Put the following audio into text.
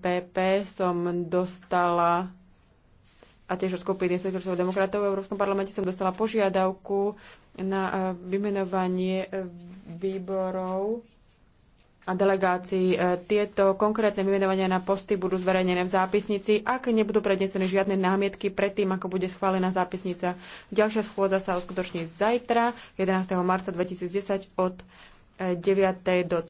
PP som dostala a tiež od skupiny sociálnych demokratov v Európskom parlamente som dostala požiadavku na e, vymenovanie e, výborov a delegácií. E, tieto konkrétne vymenovania na posty budú zverejnené v zápisnici, ak nebudú prednesené žiadne námietky predtým, ako bude schválená zápisnica. Ďalšia schôdza sa uskutoční zajtra, 11. marca 2010 od 9. do